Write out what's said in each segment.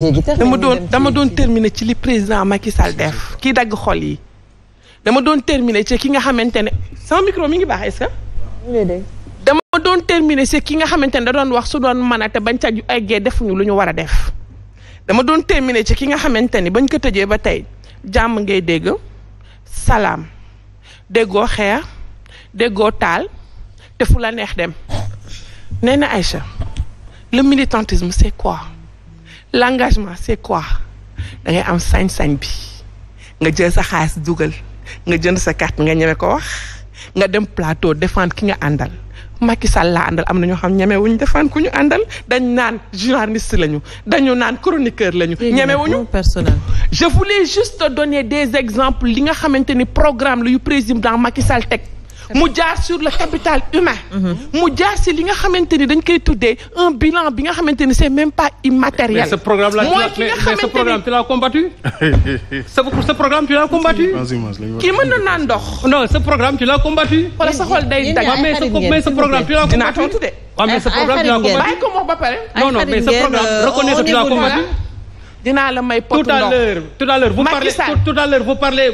dama doon dama doon terminer ci li président Macky Sall def kii dagg xol yi dama doon terminer ci ki nga xamante ne sama micro mi ngi baax est-ce dama doon terminer ci ki nga xamante ne da doon wax su doon mën a te bañ ca eggee defuñu lu ñu war a def dama doon terminer ci ki nga xamante ni bañ ko tëjee ba tey jàmm ngay dégg salaam déggoo xeex déggoo taal te fu la neex dem nee na Aïcha le militantisme c'est quoi l'engagement c'est quoi da ngay am sañ-sañ bi nga jël sa xaalis dugal nga jënd sa carte nga ñeme ko wax nga dem plateau défendre ki nga àndal Macky Sall la àndal am na ñoo xam ñeme wuñ ku ñu àndal dañ naan journaliste lañu dañu naan chroniqueur lañu. ñeme wuñu personnel. je voulais juste donner des exemples li nga xamante ni programme la yu président Macky Sall teg. mu jaar sur le capital humain. mu jaar si li nga xamante ni dañ koy tuddee un bilan bi nga xamante ni c'est même pas immatériel. mais ce programme là tu mais ce programme tu l'as combattu. ce programme tu l'as na naan ndox. non ce programme tu l'as combattu. wala sa xol day daj. ce programme tu l'as combattu. dinaa tontu de. waaw ce programme tu l'as combattu. ba pare. non non mais ce programme euh, reconnaître tu combattu. dinaa la may potu ndox tout à l'heure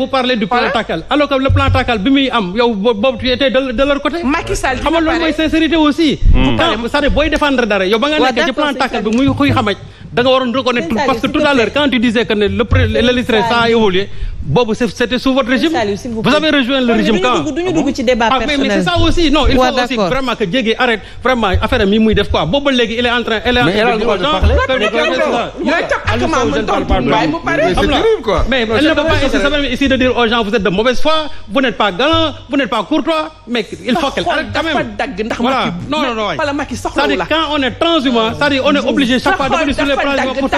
vous parlez du plan Takkal alors que le plan Takkal bi muy am yow boobu tu étais de de leur côté Macky Sall xam sincérité aussi hmm. booy défendre dara yow ba nga nekk ci plan Takkal bi muy xuy xamaj da nga waroon reconnaître parce que tout à l'heure quand tu disais que ne le le ça a évolué boobu c'était sous votre régime. vous avez rejoint le régime quand duñu ah ah, mais c'est ça aussi non il faut aussi vraiment que Diéguy arrête vraiment affaire mi muy def quoi boobu il est en train. il dire aux gens vous êtes de mauvaise foi vous n'êtes pas galant vous n'êtes pas courtois mais il faut qu'elle arrête quand même. voilà non non non cest quand on est transhumant cest à on est obligé chaque fois de sur les plateaux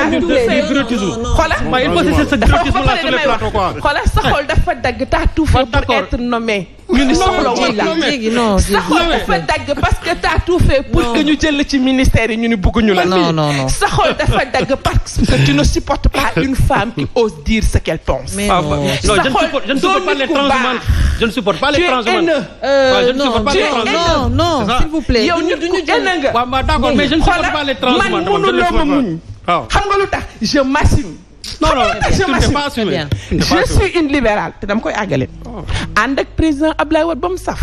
pour xoolal sa xol dafa dagg ta tout fait pour être nommé. non sa dafa dagg parce que t'as tout fait pour que ñu jël ci ministère yi ñu ni bëgguñu la. non non non sa xol dafa dagg parce que tu ne supportes pas une femme qui ose dire ce qu'elle pense. mais ah, non sa xol je ne supporte pas les transhumants je ne supporte pas les transhumants. je ne supporte pas les transhumants ah. nga. waaw d'accord je ne ma non non je suis une libérale te dama koy àggale oh. ànd ak président Abdoulaye Wade ba mu saf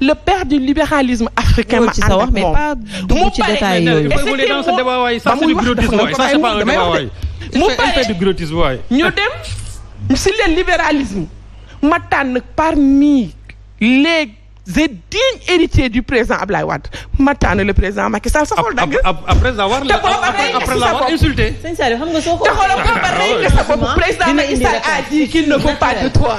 le père du libéralisme africain ma ànd ak moom mu pare mu pare ñu dem si le libéralisme ma tànn parmi les c'est digne héritier du président Ablaye Wade ma tànn le président Macky Sall sa xol après avoir insulté. te a dit qu'il ne veut pas de toi.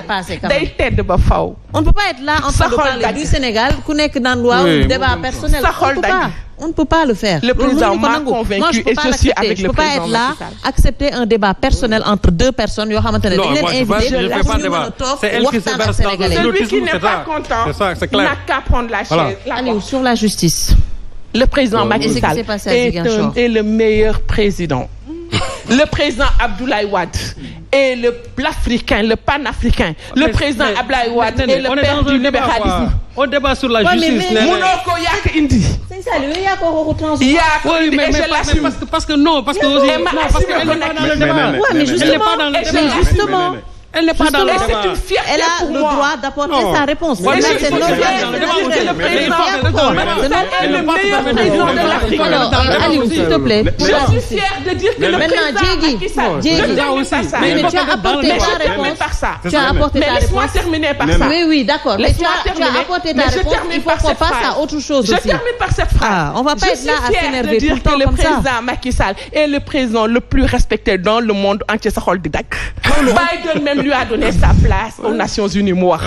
dépassé quand même day tedd ba faw on ne peut pas être là débat personnel on ne peut pas le faire le président m'a convaincu et je suis avec le président je peux pas être là accepter un débat personnel entre deux personnes yoo xamante ne dañ leen invité pour ñu mën a toog waxtaan qui n'est pas content la chaise Aliou le meilleur président le président Abdoulaye Wade est le l'africain le panafricain le président Ablaye Wade est le père du libéralisme on débat sur la justice munoo ko yaa ko indi yaa ko indi et je l'assume parce que non parce que non parce que elle n'est pas dans le débat elle n'est pas dans le débat justement elle n'est pas dans le débat. C'est une fierté elle a pour le moi. droit d'apporter sa réponse. Voilà, c'est le meilleur président de l'Afrique. Aliou, s'il te plaît. Je suis fière de dire que le président Macky Sall. Mais tu as apporté ta réponse. Tu as apporté ta réponse. Mais laisse-moi terminer par ça. Oui, oui, d'accord. Mais tu as apporté ta réponse. Il faut qu'on passe à autre chose aussi. Je termine par cette phrase. Ah, on va pas être là à s'énerver tout le temps comme ça. Je suis fière de dire que le président Macky Sall est le président le plus respecté dans le monde entier. Ça, Biden même lui a donné sa place aux Nations Unies mu wax.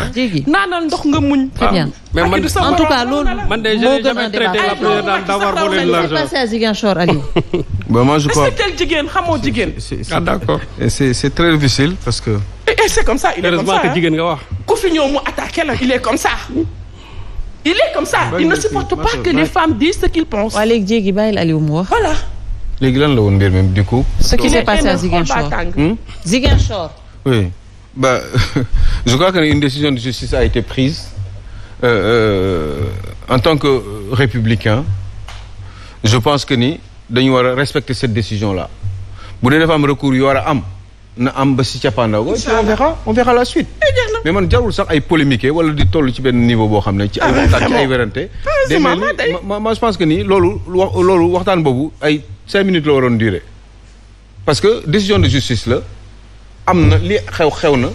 naanal ndox nga muñ. Ah. très bien ah. mais ah, man en tout cas loolu. man de j'ai jamais traité la présidente d'avoir volé l'argent. c'est passé à Ziguinchor Aliou. bon moi je crois est-ce que tel jigéen xamoo jigéen. ah d'accord c'est c'est très difficile parce que. et c'est comme ça il est comme ça heureusement que jigéen nga wax. ku fi ñëw mu attaqué la il est comme ça. il est comme ça il ne supporte pas que les femmes disent ce qu'ils pensent. waa léegi jéegi bàyyil Aliou mu wax. voilà. léegi lan la woon mbir mi du coup. ce qui s'est passé à Ziguinchor hmm? Ziguinchor. oui. Bah, je crois qu'une décision de justice a été prise. Euh, euh, en tant que républicain, je pense que ni dañu war a respecter cette décision la bu dee dafa am recours yu war a am na am ba si cappaandaw ga. on verra on verra la suite. Eh, mais man jarul sax ay polémique wala di toll ci benn niveau boo xam ne. ci ay ah, waxtaan ci ay ma ma je pense que ni loolu loolu waxtaan boobu ay cinq minutes la waroon durer parce que décision de justice la. am na li xew xew na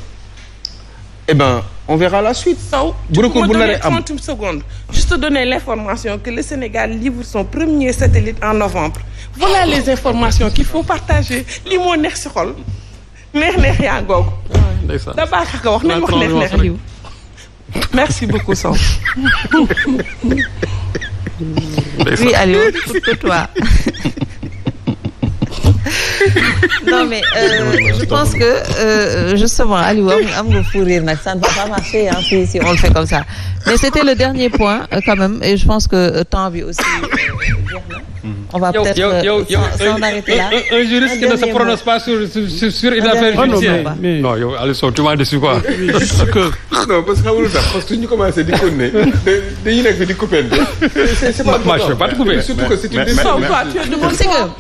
eh ben on verra la suite. taw bu recours bu naree am 30 secondes. juste donner l'information que le Sénégal livre son premier satellite en novembre. voilà ah. les informations qu'il faut partager li moo neex si xol neex-neex yaa ngoogu. ndeysaan da baax nga wax nañ wax neex-neex. merci beaucoup Sow. oui Aliou pour toi. non mais euh, je pense que euh, justement Aliou am nga fou rire nag ça ne va pas marcher hein si si on le fait comme ça mais c'était le dernier point euh, quand même et je pense que temps bi aussi jeex na on va peut-être euh, s'en arrêter là. un juriste qui ne se prononce pas sur sur une affaire oh judiciaire. non yow Aliou Sow tu m'as déçu quoi. Ah non parce que xamul tax parce que ñu commencé di continuer dañuy nekk di coupente. c'est pas coupé surtout que c'est une décision.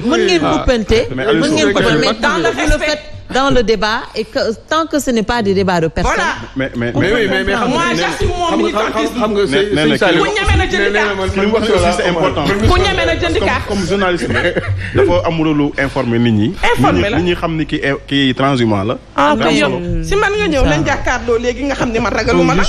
mën ngeen ah. coupente. mën ngeen coupente mais dans le respect. dans le débat et que tant que ce n'est pas de personne. voilà mais mais mais oui mais mais xam nga ku ñeme na jënd kaar li mu wax aussi c'est important. ku la nit xam ni ki kii transhumant la. si man nga ñëw nañ jàkkaarloo léegi nga xam ne man ragaluma la.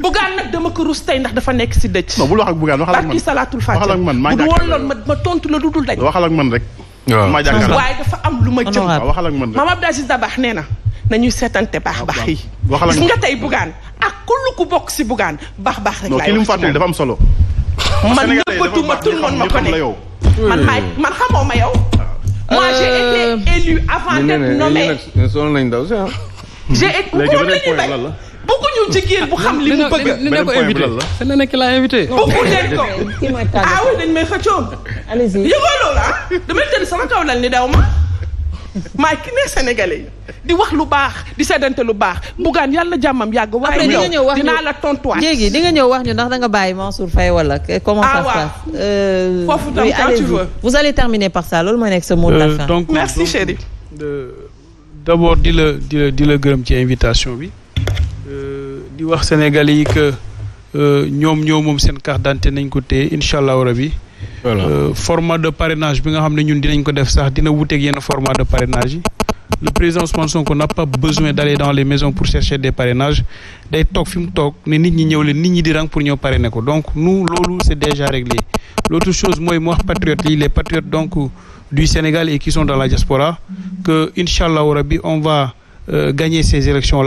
bugaan nag dama ko rus tey ndax dafa nekk si dëj. non bul wax ak bugaan waxal ak man barki salaatul fatiha. waxal man maa ngi bu woon loolu ma tontu la lu dul daj. waxal ak man rek. ma jàkkaarloo waaye dafa am lu ma jëm. waxal ak man de. Mame Abdou Aziz Dabakh nee na nañuy seetante baax baax yi. waxal gis nga tey bugaan ak kullu ku bokk si bugaan baax ba rek. laay wax ci moom non ki li mu fàttali dafa am solo. man nëbbatu ma tout le monde ma ko ne man maay hmm. man xamoo ma yow. Euh, moi j'ai été élu avant d'être nommé. Ah. léegi beneen point lan la. bëgguñu jigéen bu xam li mu bëgg. beneen point bi lan la te nee laa invité. bëggu leen ko ah oui dañ may xëccoo. allez ah? sama kaw lal ni daw ma. maa yi di wax lu baax di seddante lu baax bugaan yàlla jàmmam yàgg. waaye yow dinaa la tontuwaat léegi di nga ñëw wax ñu ndax da nga bàyyi Mansour Faye wala. comment ah, ça se passe. Euh, foofu vous allez terminer par ça loolu mooy nekk sa mot de la euh, fin. merci chérie. d'abord di la di la di la gërëm ci invitation bi. Euh, di wax sénégalais yi que euh, ñoom ñoo moom seen carte d'identité nañ ko téye incha allahu rabi. voilà euh, format de parenage bi nga xam ne ñun dinañ ko def sax dina wuteeg yenn format de parrainage yi. le président Ousmane Sonko n'a pas besoin d'aller dans les maisons pour chercher des parrainages day toog fi mu toog ne nit ñi ñëw leen nit ñi di rang pour ñëw pare parrainer ko donc nous loolu c'est déjà réglé l'autre chose mooy mu wax patriotes lii les patriotes donc du Sénégal et qui sont dans la diaspora incha allahu rabbi on va euh, gagner ces élections